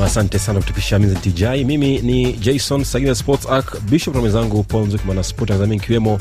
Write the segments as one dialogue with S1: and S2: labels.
S1: Nam, asante sana kutupisha tijai. Mimi ni Jason Sagina, sports arc bishop na mwenzangu Paul Nzukimana, sport Tanzania, ikiwemo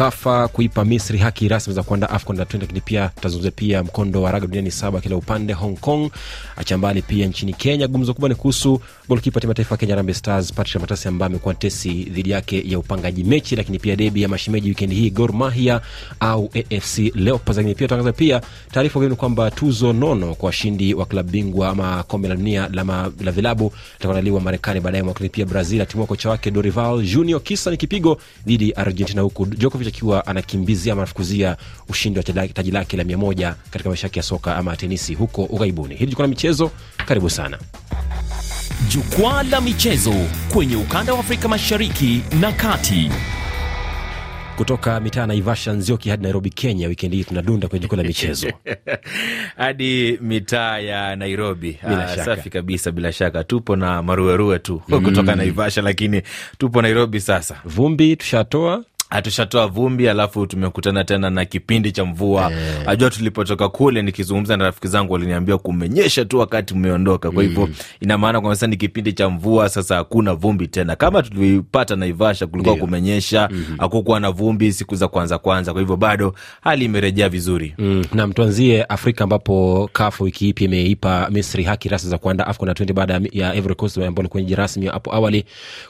S1: kafa kuipa Misri haki rasmi za kuanda AFCON na twende, lakini pia tutazungumzia pia mkondo wa raga duniani saba kila upande, Hong Kong achambali pia nchini Kenya. Gumzo kubwa ni kuhusu golkipa timu taifa Kenya rambe Stars Patrick Matasi ambaye amekuwa tesi dhidi yake ya upangaji mechi, lakini pia debi ya mashimeji wikendi hii Gor Mahia au AFC Leopards. Lakini pia tuangaza pia taarifa geni kwamba tuzo nono kwa washindi wa klabu bingwa ama kombe la dunia la, vilabu litakuandaliwa Marekani baadaye mwaka, pia Brazil atimua kocha wake Dorival Junior, kisa ni kipigo dhidi Argentina huku Djokovic akiwa anakimbizia ama anafukuzia ushindi wa taji lake la mia moja katika maisha yake ya soka ama tenisi huko ughaibuni. Hili jukwaa la michezo, karibu sana jukwaa la michezo kwenye ukanda wa Afrika mashariki na kati kutoka mitaa Naivasha, Nzioki hadi Nairobi, Kenya. Wikendi hii tunadunda kwenye jukwa la michezo
S2: hadi mitaa ya Nairobi. Aa, ah, safi kabisa, bila shaka tupo na maruerue tu mm, kutoka Naivasha, lakini tupo Nairobi sasa. Vumbi tushatoa tushatoa vumbi, alafu tumekutana tena na kipindi cha mvua yeah. Ajua tulipotoka kule, nikizungumza na rafiki zangu waliniambia kumenyesha tu wakati mmeondoka. Kwa hivyo mm. ina maana kwamba sasa ni kipindi cha mvua, sasa hakuna vumbi tena kama tulipata Naivasha, kulikuwa yeah. kumenyesha mm -hmm. na vumbi siku za kwanza kwanza, kwa hivyo bado hali
S1: imerejea vizuri mm. na mtuanzie Afrika ambapo CAF wiki ipi imeipa Misri haki rasmi za kuandaa AFCON na twendi baada ya Ivory Coast ambao walikuwa wenyeji rasmi hapo awali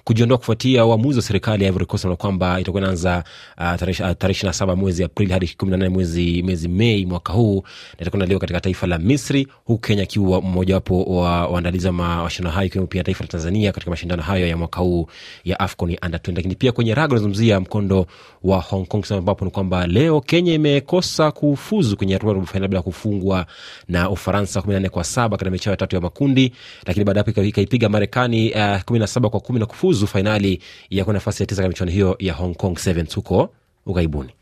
S1: kujiondoa kufuatia uamuzi wa serikali ya Ivory Coast kwamba itakuwa inaanza kuanza uh, uh, tarehe ishirini na saba mwezi Aprili hadi kumi na nane mwezi, mwezi Mei mwaka huu, na itakuwa inaliwa katika taifa la Misri, huku Kenya akiwa mmojawapo wa waandalizi wa mashindano hayo, ikiwemo pia taifa la Tanzania katika mashindano hayo ya mwaka huu ya AFCON under 20. Lakini pia kwenye raga unazungumzia mkondo wa Hong Kong, ambapo ni kwamba leo Kenya imekosa kufuzu kwenye hatua ya robo fainali bila kufungwa na Ufaransa kumi na nne kwa saba katika mechi yao ya tatu ya makundi, lakini baada hapo ikaipiga Marekani uh, kumi na saba kwa kumi na kufuzu fainali ya kuwa nafasi ya tisa katika michuano hiyo ya Hong Kong 7 Zuko ugaibuni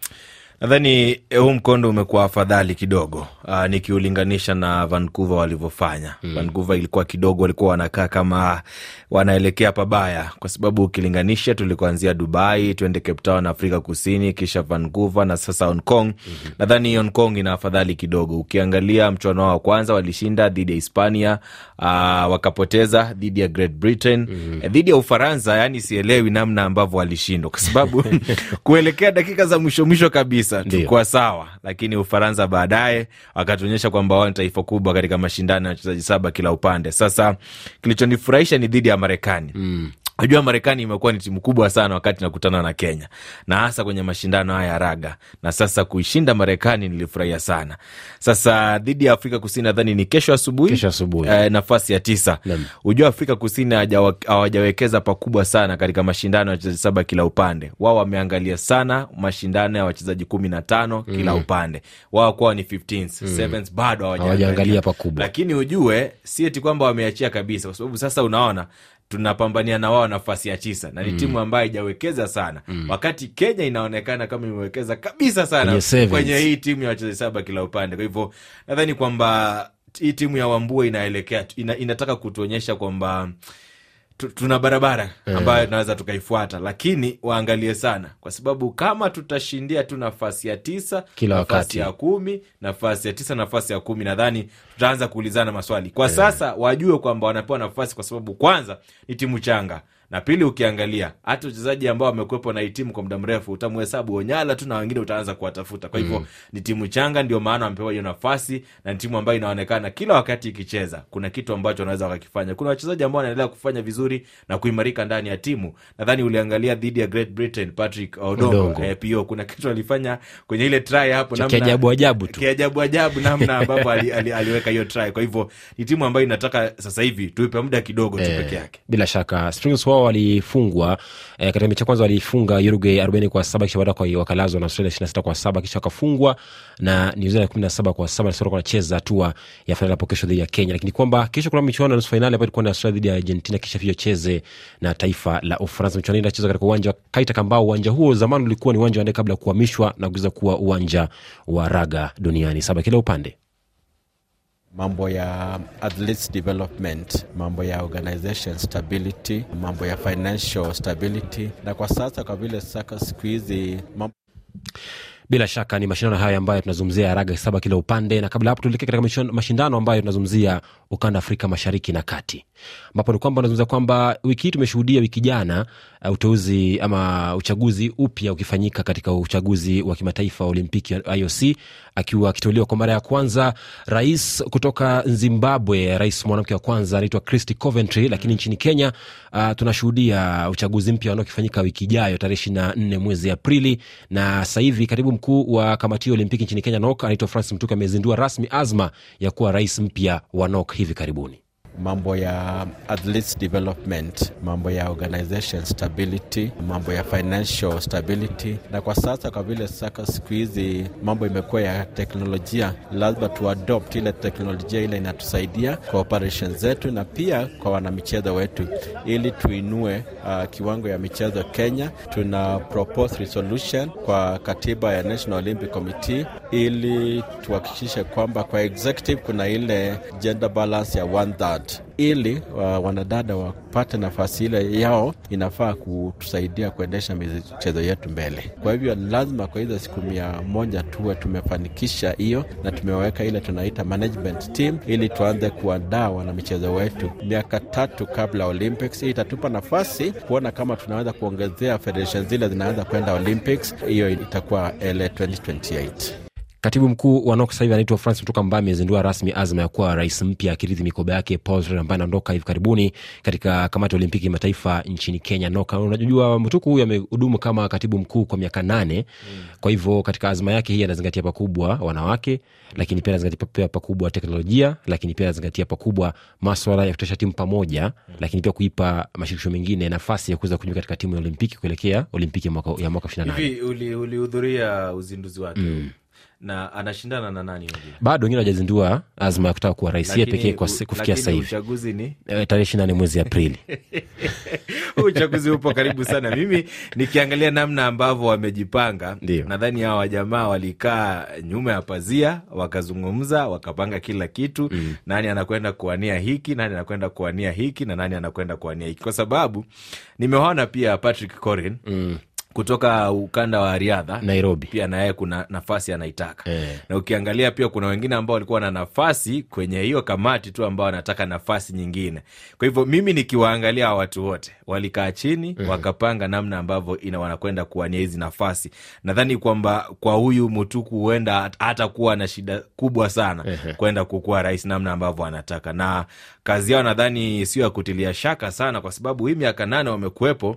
S1: Nadhani eh, huu
S2: mkondo umekuwa afadhali kidogo uh, nikiulinganisha na Vancouver walivyofanya. Mm. Vancouver ilikuwa kidogo, walikuwa wanakaa kama wanaelekea pabaya, kwa sababu ukilinganisha tulikuanzia Dubai, tuende Cape Town Afrika Kusini, kisha Vancouver na sasa Hong Kong. Mm-hmm. Nadhani Hong Kong ina afadhali kidogo. Ukiangalia mchuano wao wa kwanza walishinda dhidi ya Hispania, uh, wakapoteza dhidi ya Great Britain. Mm-hmm. Dhidi ya Ufaransa, yani sielewi namna ambavyo walishindwa, kwa sababu kuelekea dakika za mwisho mwisho kabisa kabisa, tukuwa sawa, lakini Ufaransa baadaye wakatuonyesha kwamba wao ni taifa kubwa katika mashindano ya wachezaji saba kila upande. Sasa kilichonifurahisha ni dhidi ya Marekani mm. Najua Marekani imekuwa ni timu kubwa sana wakati nakutana na Kenya na hasa kwenye mashindano haya ya raga, na sasa kuishinda Marekani nilifurahia sana. Sasa dhidi ya Afrika Kusini nadhani ni kesho asubuhi, kesho asubuhi, eh, nafasi ya tisa. Hujua Afrika Kusini hawajawekeza pakubwa sana katika mashindano ya wachezaji saba kila upande. Wao wameangalia sana mashindano ya wachezaji kumi na tano kila mm. upande. Wao kwao ni 15s, mm. sevens bado hawajaangalia pakubwa, lakini ujue si eti kwamba wameachia kabisa, kwa sababu sasa unaona tunapambania na wao nafasi ya tisa na ni mm. timu ambayo haijawekeza sana mm. wakati Kenya inaonekana kama imewekeza kabisa sana kwenye hii timu ya wachezaji saba kila upande. Kwa hivyo nadhani kwamba hii timu ya Wambua inaelekea ina, inataka kutuonyesha kwamba tuna barabara eh. ambayo tunaweza tukaifuata, lakini waangalie sana, kwa sababu kama tutashindia tu nafasi ya tisa, nafasi ya kumi, nafasi ya tisa, nafasi ya kumi, nadhani tutaanza kuulizana maswali. Kwa eh. sasa wajue kwamba wanapewa nafasi, kwa sababu kwanza ni timu changa na pili, ukiangalia hata uchezaji ambao amekwepo na timu kwa muda mrefu, utamhesabu Onyala tu na wengine utaanza kuwatafuta. Kwa hivyo mm, ni timu changa, ndio maana wamepewa hiyo nafasi, na ni timu ambayo inaonekana kila wakati ikicheza kuna kitu ambacho wanaweza wakakifanya. Kuna wachezaji ambao wanaendelea kufanya vizuri na kuimarika ndani ya timu. Nadhani uliangalia dhidi ya Great Britain, Patrick Odongo eh, pio kuna kitu alifanya kwenye ile try hapo, namna ajabu tu, ajabu ajabu namna ambapo ali, ali, aliweka hiyo try. Kwa hivyo ni timu ambayo inataka sasa hivi tuipe muda kidogo eh, tu peke yake
S1: bila shaka Springs wao walifungwa eh, katika mechi ya kwanza walifunga Uruguay arobaini kwa saba kisha baada kwa wakalazwa na Australia na sita kwa saba kisha wakafungwa na New Zealand saba kwa saba na wanacheza hatua ya fainali hapo kesho dhidi ya Kenya, lakini kwamba kesho kuna michuano ya nusu fainali ambayo ilikuwa ni Australia dhidi ya Argentina kisha pia cheze na taifa la Ufaransa. Michuano hii inachezwa katika uwanja wa Kaitak ambao uwanja huo zamani ulikuwa ni uwanja wa ndege kabla ya kuhamishwa na kuweza kuwa uwanja wa raga duniani saba kila upande
S3: mambo ya athletes development, mambo ya organization stability, mambo ya financial stability, na kwa sasa kwa vile saka siku hizi mambo
S1: bila shaka ni mashindano haya ambayo tunazungumzia raga saba kila upande, na kabla hapo tuelekee katika mashindano ambayo tunazungumzia ukanda Afrika mashariki na kati, ambapo ni kwamba unazungumza kwamba wiki hii tumeshuhudia wiki jana uh, uteuzi ama uchaguzi upya ukifanyika katika uchaguzi wa kimataifa wa Olimpiki IOC, akiwa akiteuliwa kwa mara ya kwanza rais kutoka Zimbabwe, rais mwanamke wa kwanza anaitwa Christy Coventry. Lakini nchini Kenya uh, tunashuhudia uchaguzi mpya unaokifanyika wiki ijayo tarehe ishirini na nne mwezi Aprili, na sasa hivi katibu mkuu wa kamati ya Olimpiki nchini Kenya NOC anaitwa Francis Mtuka amezindua rasmi azma ya kuwa rais mpya wa NOC. hivi karibuni. mambo ya athletes development, mambo ya organization stability,
S3: mambo ya financial stability. Na kwa sasa, kwa vile saka siku hizi mambo imekuwa ya teknolojia, lazima tuadopt ile teknolojia ile inatusaidia kwa operation zetu na pia kwa wanamichezo wetu, ili tuinue uh, kiwango ya michezo Kenya. Tuna propose resolution kwa katiba ya National Olympic Committee ili tuhakikishe kwamba kwa executive kuna ile gender balance ya one third GAD ili wa wanadada wapate nafasi ile yao, inafaa kutusaidia kuendesha michezo yetu mbele. Kwa hivyo lazima kwa hizo siku mia moja tuwe tumefanikisha hiyo, na tumeweka ile tunaita management team ili tuanze kuandaa wanamichezo wetu miaka tatu kabla Olympics. Hii itatupa nafasi kuona kama tunaweza kuongezea federation zile zinaanza kwenda Olympics. Hiyo itakuwa ele 2028.
S1: Katibu mkuu wa NOK sasa hivi anaitwa Francis Mtuka ambaye amezindua rasmi azma ya kuwa rais mpya akirithi mikoba yake Paul Ryan ambaye anaondoka hivi karibuni katika kamati ya Olimpiki mataifa nchini Kenya NOK. Unajua Mtuku huyu amehudumu kama katibu mkuu kwa miaka nane hmm. Kwa hivyo katika azma yake hii anazingatia pakubwa wanawake, lakini pia anazingatia pia pakubwa teknolojia, lakini pia anazingatia pakubwa maswala ya kutosha timu pamoja hmm. Lakini pia kuipa mashirikisho mengine nafasi ya kuweza kujiunga katika timu ya Olimpiki kuelekea Olimpiki ya mwaka ishirini na nane.
S2: Hivi ulihudhuria uzinduzi wake? mm na anashindana na nani wengine
S1: bado wengine wajazindua azma ya kutaka kuwa rais ye pekee kufikia sahivi ni... e, tarehe ishinane mwezi aprili
S2: huu uchaguzi upo karibu sana mimi nikiangalia namna ambavyo wamejipanga nadhani hawa wajamaa walikaa nyuma ya pazia wakazungumza wakapanga kila kitu mm. nani anakwenda kuania hiki nani anakwenda kuania hiki na nani anakwenda kuania hiki kwa sababu nimeona pia patrick corin mm kutoka ukanda wa riadha Nairobi, pia naye kuna nafasi anaitaka eh. Na ukiangalia pia kuna wengine ambao walikuwa na nafasi kwenye hiyo kamati tu ambao wanataka nafasi nyingine. Kwa hivyo mimi nikiwaangalia watu wote walikaa chini mm -hmm. wakapanga namna ambavyo ina wanakwenda kuwania hizi nafasi. Nadhani kwamba kwa huyu Mutuku huenda hatakuwa na shida kubwa sana eh. kwenda kukuwa rais namna ambavyo anataka, na kazi yao nadhani sio ya kutilia shaka sana, kwa sababu hii miaka nane wamekuwepo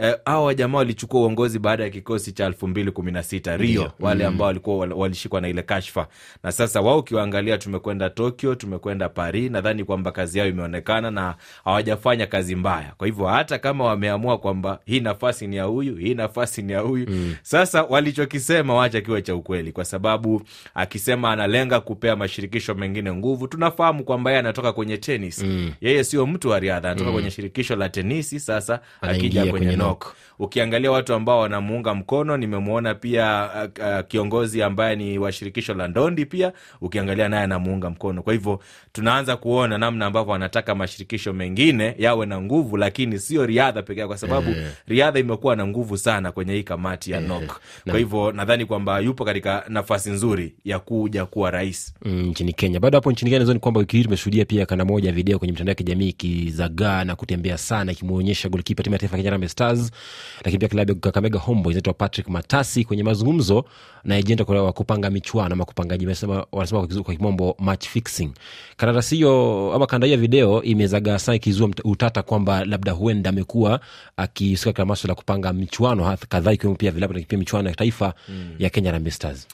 S2: Eh, hawa eh, jamaa walichukua uongozi baada ya kikosi cha elfu mbili kumi na sita Rio, mm. wale ambao walikuwa walishikwa na ile kashfa, na sasa wao ukiwaangalia, tumekwenda Tokyo, tumekwenda Paris, nadhani kwamba kazi yao imeonekana na hawajafanya kazi mbaya. Kwa hivyo hata kama wameamua kwamba hii nafasi ni ya huyu, hii nafasi ni ya huyu mm. Sasa walichokisema wacha kiwe cha ukweli, kwa sababu akisema analenga kupea mashirikisho mengine nguvu, tunafahamu kwamba yeye anatoka kwenye tenis mm. Yeye sio mtu wa riadha, anatoka mm. kwenye shirikisho la tenisi. Sasa akija kwenye, kwenye Kinok. Ukiangalia watu ambao wanamuunga mkono, nimemwona pia uh, uh, kiongozi ambaye ni wa shirikisho la ndondi, pia ukiangalia naye anamuunga mkono. Kwa hivyo tunaanza kuona namna ambavyo wanataka mashirikisho mengine yawe na nguvu, lakini sio riadha pekee, kwa sababu mm. riadha imekuwa na nguvu sana kwenye hii kamati ya mm. Eh. NOK. Kwa hivyo na, nadhani kwamba yupo katika nafasi nzuri
S1: ya kuja kuwa rais mm, nchini mm, Kenya. Bado hapo nchini Kenya ni kwamba wiki hii tumeshuhudia pia kanda moja video kwenye mitandao ya kijamii ikizagaa na kutembea sana ikimwonyesha golikipa timu ya taifa Kenya Harambee Stars Stars, lakini pia klabu ya Kakamega Homeboys inaitwa Patrick Matasi kwenye mazungumzo na ejenti wa kupanga michuano ama kupangaji, wanasema kwa kimombo match fixing. Karatasi hiyo ama kanda hiyo ya video imezagaa sana, ikizua utata kwamba labda huenda amekuwa akihusika katika maswala ya kupanga michuano kadhaa, ikiwemo pia vilabu na pia michuano ya taifa mm. ya Kenya Harambee Stars.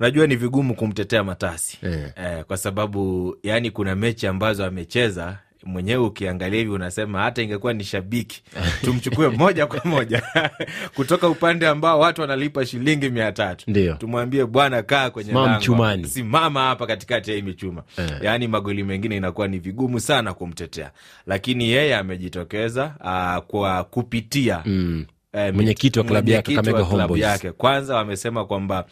S2: Unajua ni vigumu kumtetea Matasi yeah. Eh, kwa sababu yani kuna mechi ambazo amecheza mwenyewe ukiangalia hivi unasema hata ingekuwa ni shabiki tumchukue moja kwa moja kutoka upande ambao watu wanalipa shilingi mia tatu tumwambie bwana, kaa kwenye lango, simama hapa katikati ya hii michuma eh. Yaani magoli mengine inakuwa ni vigumu sana kumtetea, lakini yeye amejitokeza uh, kwa kupitia
S1: mm. Eh, mwenyekiti wa klabu yake yake
S2: kwanza wamesema kwamba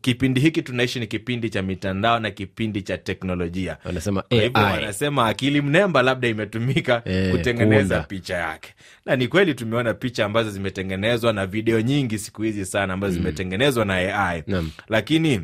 S2: kipindi hiki tunaishi ni kipindi cha mitandao na kipindi cha teknolojia. Wanasema hivyo, wanasema akili mnemba labda imetumika e, kutengeneza kunda picha yake, na ni kweli tumeona picha ambazo zimetengenezwa na video nyingi siku hizi sana ambazo mm, zimetengenezwa na AI Nam. Lakini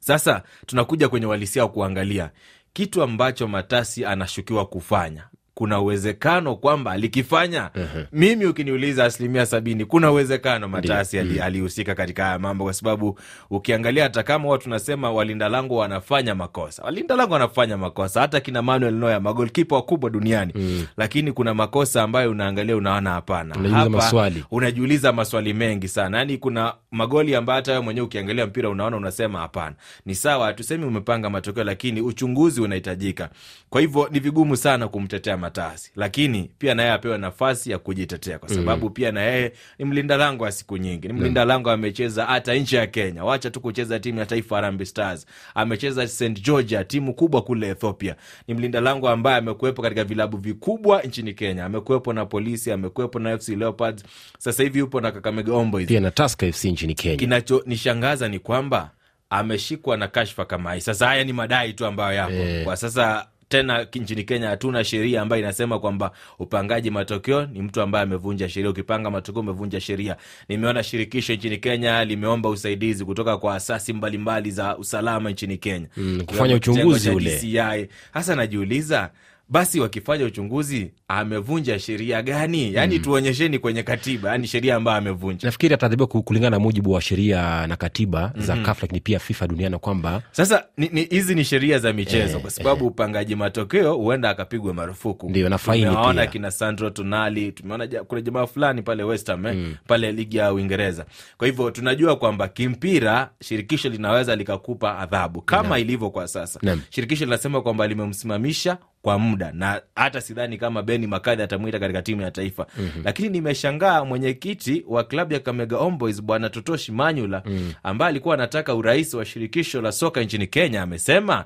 S2: sasa tunakuja kwenye uhalisia wa kuangalia kitu ambacho Matasi anashukiwa kufanya kuna uwezekano kwamba alikifanya. uh-huh. Mimi ukiniuliza asilimia sabini, kuna uwezekano Matasi mm. alihusika katika haya mambo, kwa sababu ukiangalia hata kama huwa tunasema walinda lango wanafanya makosa, walinda lango wanafanya makosa, hata kina Manuel Noya magolkipa wakubwa duniani mm. Lakini kuna makosa ambayo unaangalia unaona, hapana, hapa unajiuliza maswali mengi sana, yani kuna magoli ambayo hata wewe mwenyewe ukiangalia mpira unaona unasema hapana, ni sawa, hatusemi umepanga matokeo, lakini uchunguzi unahitajika. Kwa hivyo ni vigumu sana kumtetea Matasi, lakini pia naye apewe nafasi ya kujitetea, kwa mm-hmm. sababu mm. pia na yeye ni mlinda lango wa siku nyingi, ni mlinda lango amecheza hata nchi ya Kenya, wacha tu kucheza timu ya taifa Harambee Stars, amecheza St Georgia, timu kubwa kule Ethiopia. Ni mlinda lango ambaye amekuwepo katika vilabu vikubwa nchini Kenya, amekuwepo na Polisi, amekuwepo na FC Leopards, sasa hivi yupo na Kakamega Homeboyz pia na Tusker FC nchini Kenya. Kinachonishangaza ni kwamba ameshikwa na kashfa kama hii. Sasa haya ni madai tu ambayo yapo e. Kwa sasa tena nchini Kenya hatuna sheria ambayo inasema kwamba upangaji matokeo ni mtu ambaye amevunja sheria. Ukipanga matokeo umevunja sheria. Nimeona shirikisho nchini Kenya limeomba usaidizi kutoka kwa asasi mbalimbali za usalama nchini Kenya
S1: mm, kufanya uchunguzi ule.
S2: Hasa najiuliza basi wakifanya uchunguzi amevunja sheria gani? Yani mm. tuonyesheni kwenye katiba, yani sheria
S1: ambayo amevunja. Nafikiri ataadhibiwa kulingana na mujibu wa sheria na katiba mm -hmm. za CAF mm-hmm. lakini pia FIFA duniani kwamba
S2: sasa hizi ni, ni ni sheria za michezo eh, kwa sababu eh. upangaji matokeo huenda akapigwa marufuku, ndio na faini. Tumeona kina Sandro Tonali, tumeona kuna jamaa fulani pale West Ham eh, mm. pale ligi ya Uingereza. Kwa hivyo tunajua kwamba kimpira shirikisho linaweza likakupa adhabu kama ilivyo kwa sasa. Naam. Shirikisho linasema kwamba limemsimamisha kwa muda na hata sidhani kama Beni makadhi atamwita katika timu ya taifa mm -hmm. Lakini nimeshangaa mwenyekiti wa klabu ya Kamega Omboys Bwana Totoshi Manyula mm -hmm. ambaye alikuwa anataka urais wa shirikisho la soka nchini Kenya amesema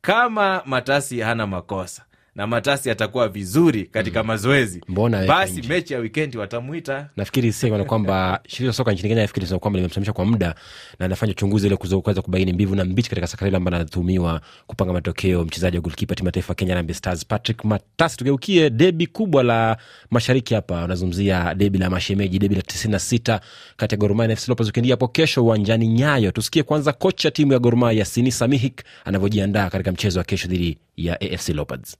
S2: kama Matasi hana makosa na Matasi atakuwa vizuri katika mm. mazoezi,
S1: mbona basi
S2: mechi ya wikendi watamwita.
S1: Nafikiri sema kwamba shirika la soka nchini Kenya nafikiri sema kwamba limemsimamisha kwa muda na anafanya uchunguzi ile kuweza kubaini mbivu na mbichi katika sakata hilo ambalo anatuhumiwa kupanga matokeo mchezaji wa golkipa timu ya taifa Kenya Harambee Stars Patrick Matasi. Tugeukie debi kubwa la mashariki hapa, unazungumzia debi la mashemeji, debi la tisini na sita kati ya Gor Mahia na FC Leopards wikendi hapo kesho uwanjani Nyayo. Tusikie kwanza kocha timu ya Gor Mahia Sini Samihik anavyojiandaa katika mchezo wa kesho dhidi ya AFC Leopards.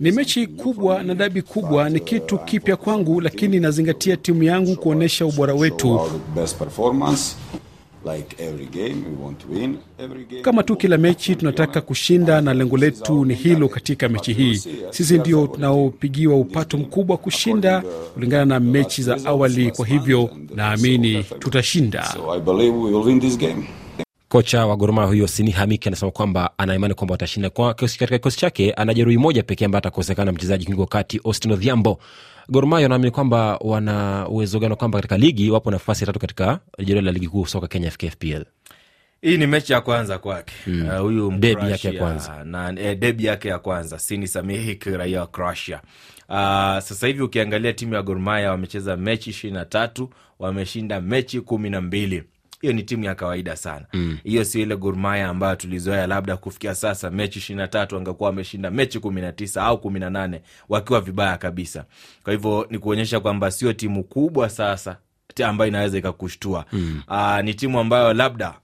S1: Ni mechi kubwa na
S3: dabi kubwa, ni uh, kitu kipya kwangu, lakini nazingatia timu yangu kuonyesha ubora wetu kama tu kila mechi tunataka kushinda, na lengo letu ni hilo. Katika mechi hii sisi ndio tunaopigiwa upato mkubwa kushinda kulingana na mechi za awali, kwa hivyo naamini tutashinda. So I
S1: Kocha wa Gormaa huyo Sini Hamik anasema kwamba anaimani kwamba watashinda. Kwa katika kikosi chake ana jeruhi moja pekee ambaye atakosekana mchezaji kiungo kati Austin Odhiambo. Gormayo wanaamini kwamba wana uwezo gani kwamba katika ligi wapo nafasi tatu katika jedwali la ligi kuu soka Kenya FKFPL.
S2: Hii ni mechi ya kwanza kwake
S1: huyu mm. uh, yake ya kwanza
S2: na eh, debi yake ya kwanza Sini Samihik, raia wa Croatia. Uh, sasa hivi ukiangalia timu ya Gormaya wamecheza mechi ishirini na tatu wameshinda mechi kumi na mbili hiyo ni timu ya kawaida sana mm. hiyo mm. sio ile gurmaya ambayo tulizoea labda kufikia sasa mechi na tatu angekuwa wameshinda mechi kumi na tisa au kumi na nane wakiwa vibaya kabisa kwa hivyo ni kuonyesha kwamba sio timu kubwa sasa ambayo inaweza ikakushtua mm. uh, ni timu ambayo labda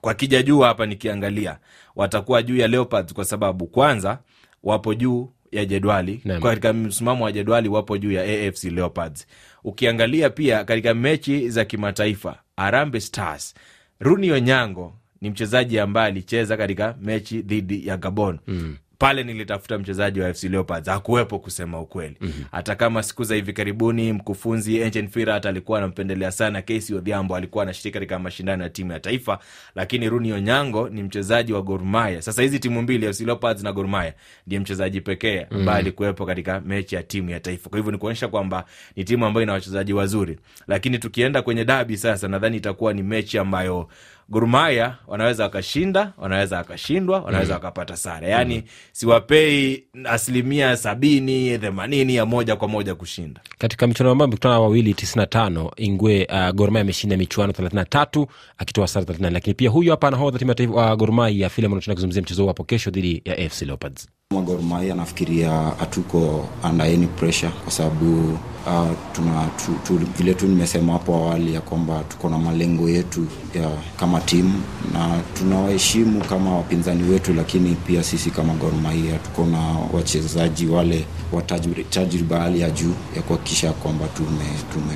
S2: kwa kija juu hapa nikiangalia watakuwa juu ya Leopards kwa sababu kwanza wapo juu ya jedwali katika msimamo wa jedwali wapo juu ya AFC Leopards Ukiangalia pia katika mechi za kimataifa, arambe Stars, Runi Onyango ni mchezaji ambaye alicheza katika mechi dhidi ya Gabon mm pale nilitafuta mchezaji wa FC Leopards hakuwepo, kusema ukweli. mm-hmm. Hata kama siku za hivi karibuni mkufunzi Engin Firat alikuwa anampendelea sana Casey Odhiambo, alikuwa anashiriki katika mashindano ya timu ya taifa, lakini Runi Onyango ni mchezaji wa Gor Mahia. Sasa hizi timu mbili FC Leopards na Gor Mahia ndiye mchezaji pekee mhm. ambaye mm-hmm. alikuwepo katika mechi ya timu ya taifa. Kwa hivyo ni kuonyesha kwamba ni timu ambayo ina wachezaji wazuri, lakini tukienda kwenye dabi sasa, nadhani itakuwa ni mechi ambayo Gorumaya wanaweza wakashinda, wanaweza wakashindwa, wanaweza mm. wakapata sare. Yani siwapei asilimia sabini themanini ya moja kwa moja kushinda.
S1: Katika michuano ambayo mikutano wawili tisini na tano Ingwe uh, Gorumaya ameshinda michuano thelathini na tatu akitoa sare thelathini na nne lakini pia huyu hapa anahodha timu ya taifa uh, Gorumaya Filemon, tunakuzungumzia mchezo huo hapo kesho dhidi ya AFC Leopards. Gor Mahia nafikiria hatuko under any pressure kwa sababu uh, tuna tu, tu, vile tu nimesema hapo awali ya kwamba tuko na malengo yetu ya, kama timu na tunawaheshimu kama wapinzani wetu, lakini pia sisi kama Gor Mahia tuko na wachezaji wale wa tajriba hali ya juu ya kuhakikisha kwamba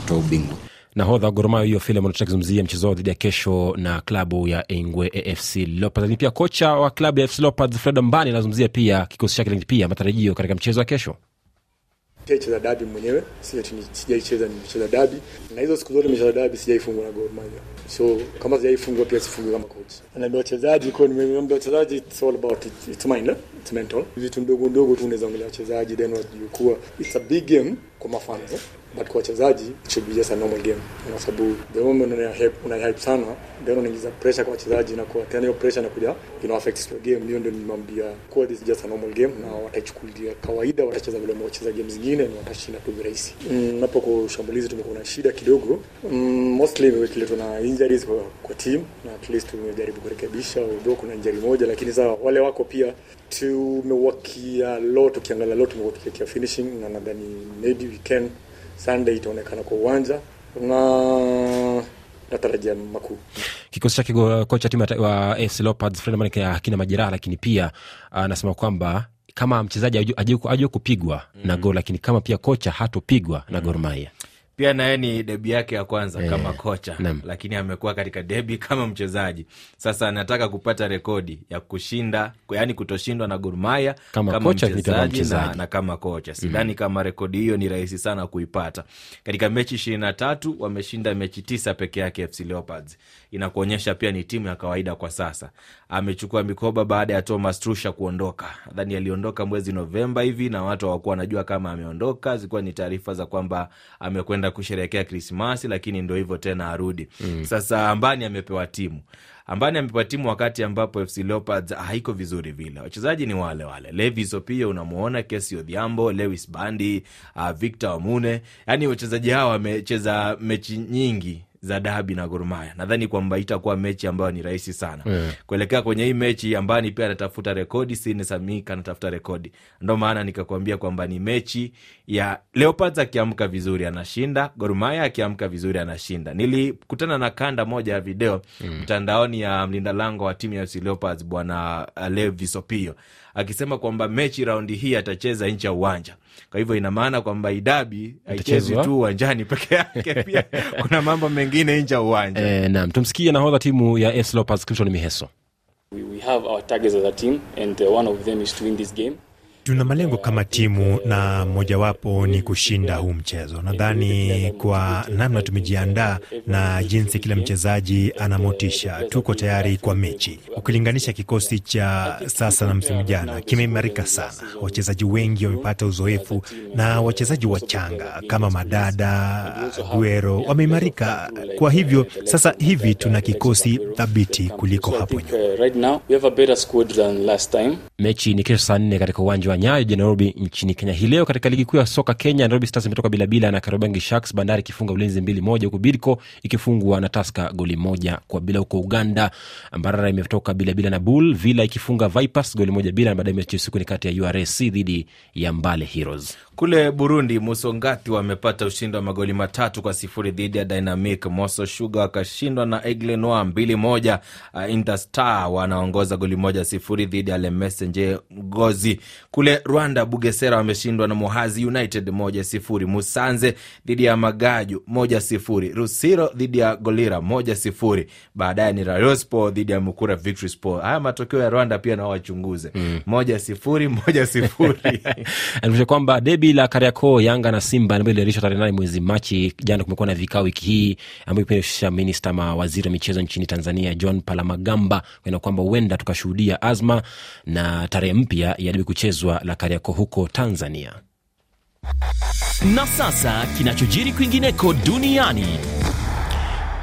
S1: tumetoa ubingwa nahodha goromayo hiyo filamu tunakizungumzia mchezo wao dhidi ya kesho na klabu ya engwe afc leopards lakini pia kocha wa klabu ya fc leopards fred mbani anazungumzia pia kikosi chake lakini pia matarajio katika mchezo wa kesho sijaicheza dabi mwenyewe sijaicheza nimecheza dabi na hizo siku zote nimecheza dabi sijaifungwa na Gor Mahia so kama sijaifungwa pia sifungwi kama wachezaji kwa nimeambia wachezaji it's all about it, it's mind eh? it's mental vitu ndogo ndogo tu unaweza ongelea wachezaji then wajikuwa it's a big game kwa eh? but kwa wachezaji it should be just a normal game, kwa sababu the moment una hype una hype sana, then unaingiza pressure kwa wachezaji na kwa tena hiyo pressure na kuja you know affects your game. Hiyo ndio nimwambia kwa this is just a normal game, na watachukulia kawaida, watacheza vile wacheza games zingine na watashinda tu virahisi. Mm, napo kwa shambulizi tumekuwa na shida kidogo mm, mostly tuletwa na injuries kwa, kwa team na at least tumejaribu kurekebisha, although kuna injury moja, lakini sawa wale wako pia tumewakia lot, ukiangalia lot tumekuwa tukiwekea finishing na nadhani maybe we can Sunday itaonekana kwa uwanja na natarajia makuu. Kikosi chake kocha timu wa AFC Leopards Fred Manike hakina majeraha, lakini pia ah, anasema kwamba kama mchezaji ajue kupigwa mm -hmm. na gol, lakini kama pia kocha hatopigwa mm -hmm. na Gor Mahia
S2: pia naye ni debi yake ya kwanza yeah, kama kocha nem. lakini amekuwa katika debi kama mchezaji. Sasa anataka kupata rekodi ya kushinda, yaani kutoshindwa na gurumaya Mahia kama, kama mchezaji na, na kama kocha. Mm. Sidhani mm, kama rekodi hiyo ni rahisi sana kuipata. Katika mechi ishirini na tatu wameshinda mechi tisa peke yake FC Leopards, inakuonyesha pia ni timu ya kawaida kwa sasa. Amechukua mikoba baada ya Thomas Trusha kuondoka, nadhani aliondoka mwezi Novemba hivi, na watu hawakuwa wanajua kama ameondoka. Zilikuwa ni taarifa za kwamba amekwenda kusherehekea Krismasi, lakini ndo hivyo tena arudi. Mm. Sasa Ambani amepewa timu Ambani amepewa timu wakati ambapo FC Leopards haiko vizuri vile. Wachezaji ni wale wale, Levi Sopio unamwona, Kesi Odhiambo, Lewis Bandi, uh, Victor Amune, yani wachezaji hawa wamecheza mechi nyingi za Dabi na Gor Nadhani kwamba itakuwa mechi ambayo ni rahisi sana yeah. Kuelekea kwenye hii mechi ambayo ni pia anatafuta rekodi, Sine Samika anatafuta rekodi, ndo maana nikakuambia kwamba ni mechi ya Leopards. Akiamka vizuri anashinda Gor akiamka vizuri anashinda. Nilikutana na kanda moja ya video mm. mtandaoni mm. ya mlinda lango wa timu ya FC Leopards bwana Levis Opio akisema kwamba mechi raundi hii atacheza nje ya uwanja. Kwa hivyo ina maana kwamba idabi haichezwi tu uwanjani peke yake, pia kuna mambo mengine
S1: nje ya uwanja. E, naam, tumsikie nahodha timu ya AFC Leopards Christian Miheso.
S2: We, we have our
S3: targets as a team and uh, one of them is to win this game.
S1: Tuna malengo kama timu na
S2: mojawapo ni kushinda huu mchezo. Nadhani kwa namna tumejiandaa na jinsi kila mchezaji anamotisha, tuko tayari kwa mechi. Ukilinganisha kikosi cha sasa na msimu jana, kimeimarika sana. Wachezaji wengi wamepata uzoefu na wachezaji wachanga kama Madada, Guero wameimarika. Kwa
S1: hivyo sasa hivi tuna kikosi thabiti kuliko
S4: hapo nyuma.
S1: Mechi ni kesho saa nne katika uwanja la Nyayo jijini Nairobi nchini Kenya. Hii leo katika ligi kuu ya soka Kenya, Nairobi Stars imetoka bilabila na karobangi Sharks, Bandari ikifunga Ulinzi mbili moja, huku Bidco ikifungwa na Taska goli moja kwa bila. Huko Uganda, Mbarara imetoka bilabila na Bull Villa ikifunga Vipers goli moja bila, na baadaye mechi usiku ni kati ya urac dhidi ya Mbale Heroes.
S2: Kule Burundi, Musongati wamepata ushindi wa magoli matatu kwa sifuri dhidi ya Dynamic. Moso Shuga wakashindwa na Eglenoa mbili moja. Uh, Interstar wanaongoza goli moja sifuri dhidi ya Le Messenje Ngozi. Kule Rwanda, Bugesera wameshindwa na Muhazi United moja sifuri. Musanze dhidi ya Magaju moja sifuri. Rusiro dhidi ya Golira moja sifuri. Baadaye ni Rayospo dhidi ya Mukura Victory Sport. Haya matokeo ya Rwanda pia nawachunguze mm. moja sifuri moja sifuri
S1: kwamba debi Wimbi la Kariakoo, Yanga na Simba ambayo iliahirishwa tarehe nane mwezi Machi jana, kumekuwa na vikao wiki hii ambayo pia minista ma waziri wa michezo nchini Tanzania John Palamagamba kuena kwamba huenda tukashuhudia azma na tarehe mpya ya debi kuchezwa la Kariakoo huko Tanzania. Na sasa kinachojiri kwingineko duniani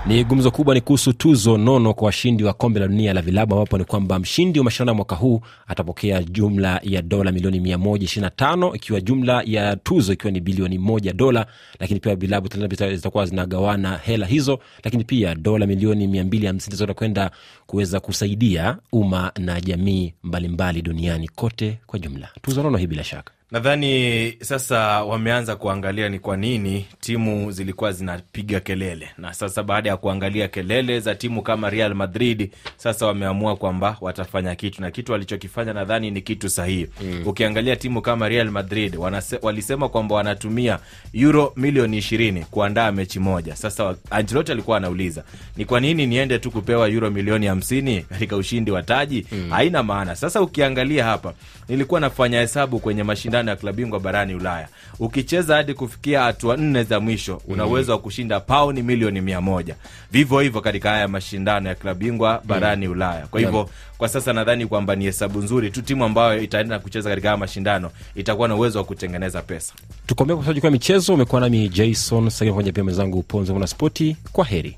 S1: ni gumzo kubwa ni kuhusu tuzo nono kwa washindi wa kombe la dunia la vilabu, ambapo ni kwamba mshindi wa mashindano mwaka huu atapokea jumla ya dola milioni 125 ikiwa jumla ya tuzo ikiwa ni bilioni moja dola, lakini pia vilabu zitakuwa zinagawana hela hizo, lakini pia dola milioni 250 zote kwenda kuweza kusaidia umma na jamii mbalimbali mbali duniani kote kwa jumla. Tuzo nono hii bila shaka
S2: Nadhani sasa wameanza kuangalia ni kwa nini timu zilikuwa zinapiga kelele, na sasa baada ya kuangalia kelele za timu kama Real Madrid, sasa wameamua kwamba watafanya kitu, na kitu walichokifanya nadhani ni kitu sahihi mm. Ukiangalia timu kama Real Madrid wanase, walisema kwamba wanatumia euro milioni ishirini kuandaa mechi moja. Sasa Ancelotti alikuwa anauliza ni kwa nini niende tu kupewa euro milioni hamsini katika ushindi wa taji mm. Haina maana. Sasa ukiangalia hapa, nilikuwa nafanya hesabu kwenye mashindano mashindano ya klabu bingwa barani Ulaya. Ukicheza hadi kufikia hatua nne za mwisho, una mhm. uwezo wa kushinda pauni milioni mia moja. Vivyo hivyo katika haya mashindano ya klabu bingwa barani mhm. Ulaya. Kwa hivyo yaani. kwa sasa nadhani kwamba ni hesabu nzuri tu, timu ambayo itaenda kucheza katika haya mashindano itakuwa na uwezo wa kutengeneza pesa.
S1: Tukomea kwa jukwaa michezo. Umekuwa nami Jason Sagakwenye, pia mwenzangu Ponzo na Spoti. Kwa heri.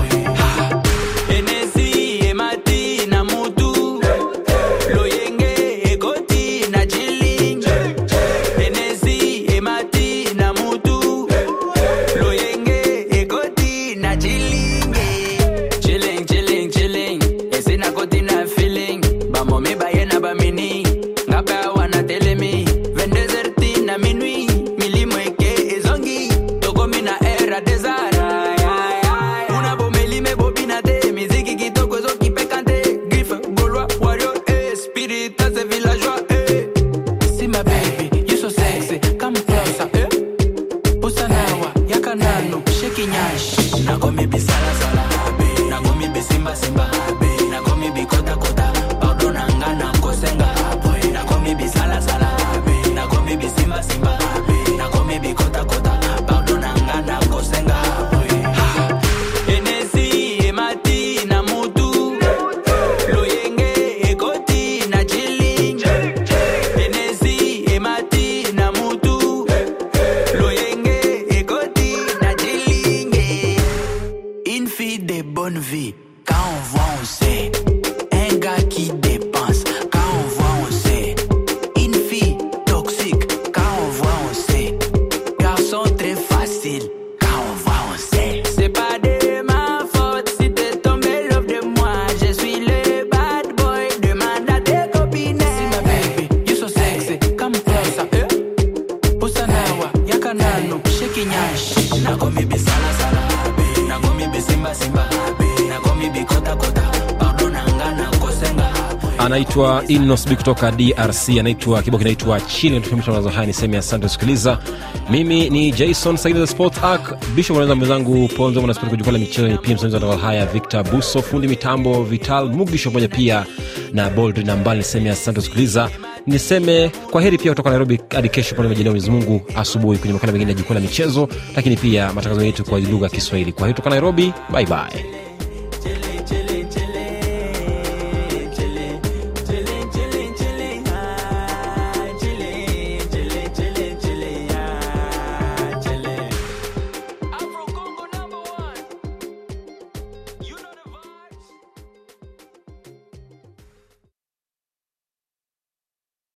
S1: hapa Inosb kutoka DRC anaitwa kibo kinaitwa chini. Natumisha matangazo haya, ni sehemu ya sante kusikiliza. Mimi ni Jason Saidi sport ac bisho Bishop anaeza mwenzangu Ponzo Mwanaspoti kwa jukwa la michezo ni pia msimamizi wa matangazo haya Victor Buso, fundi mitambo Vital Mugisho pamoja pia na Boldrin Ambali. Ni sehemu ya sante kusikiliza. Niseme kwa heri pia kutoka Nairobi hadi kesho, pale majaliwa Mwenyezi Mungu, asubuhi kwenye makala mengine ya jukwa la michezo, lakini pia matangazo yetu kwa lugha ya Kiswahili. Kwa hiyo kutoka Nairobi, baibai.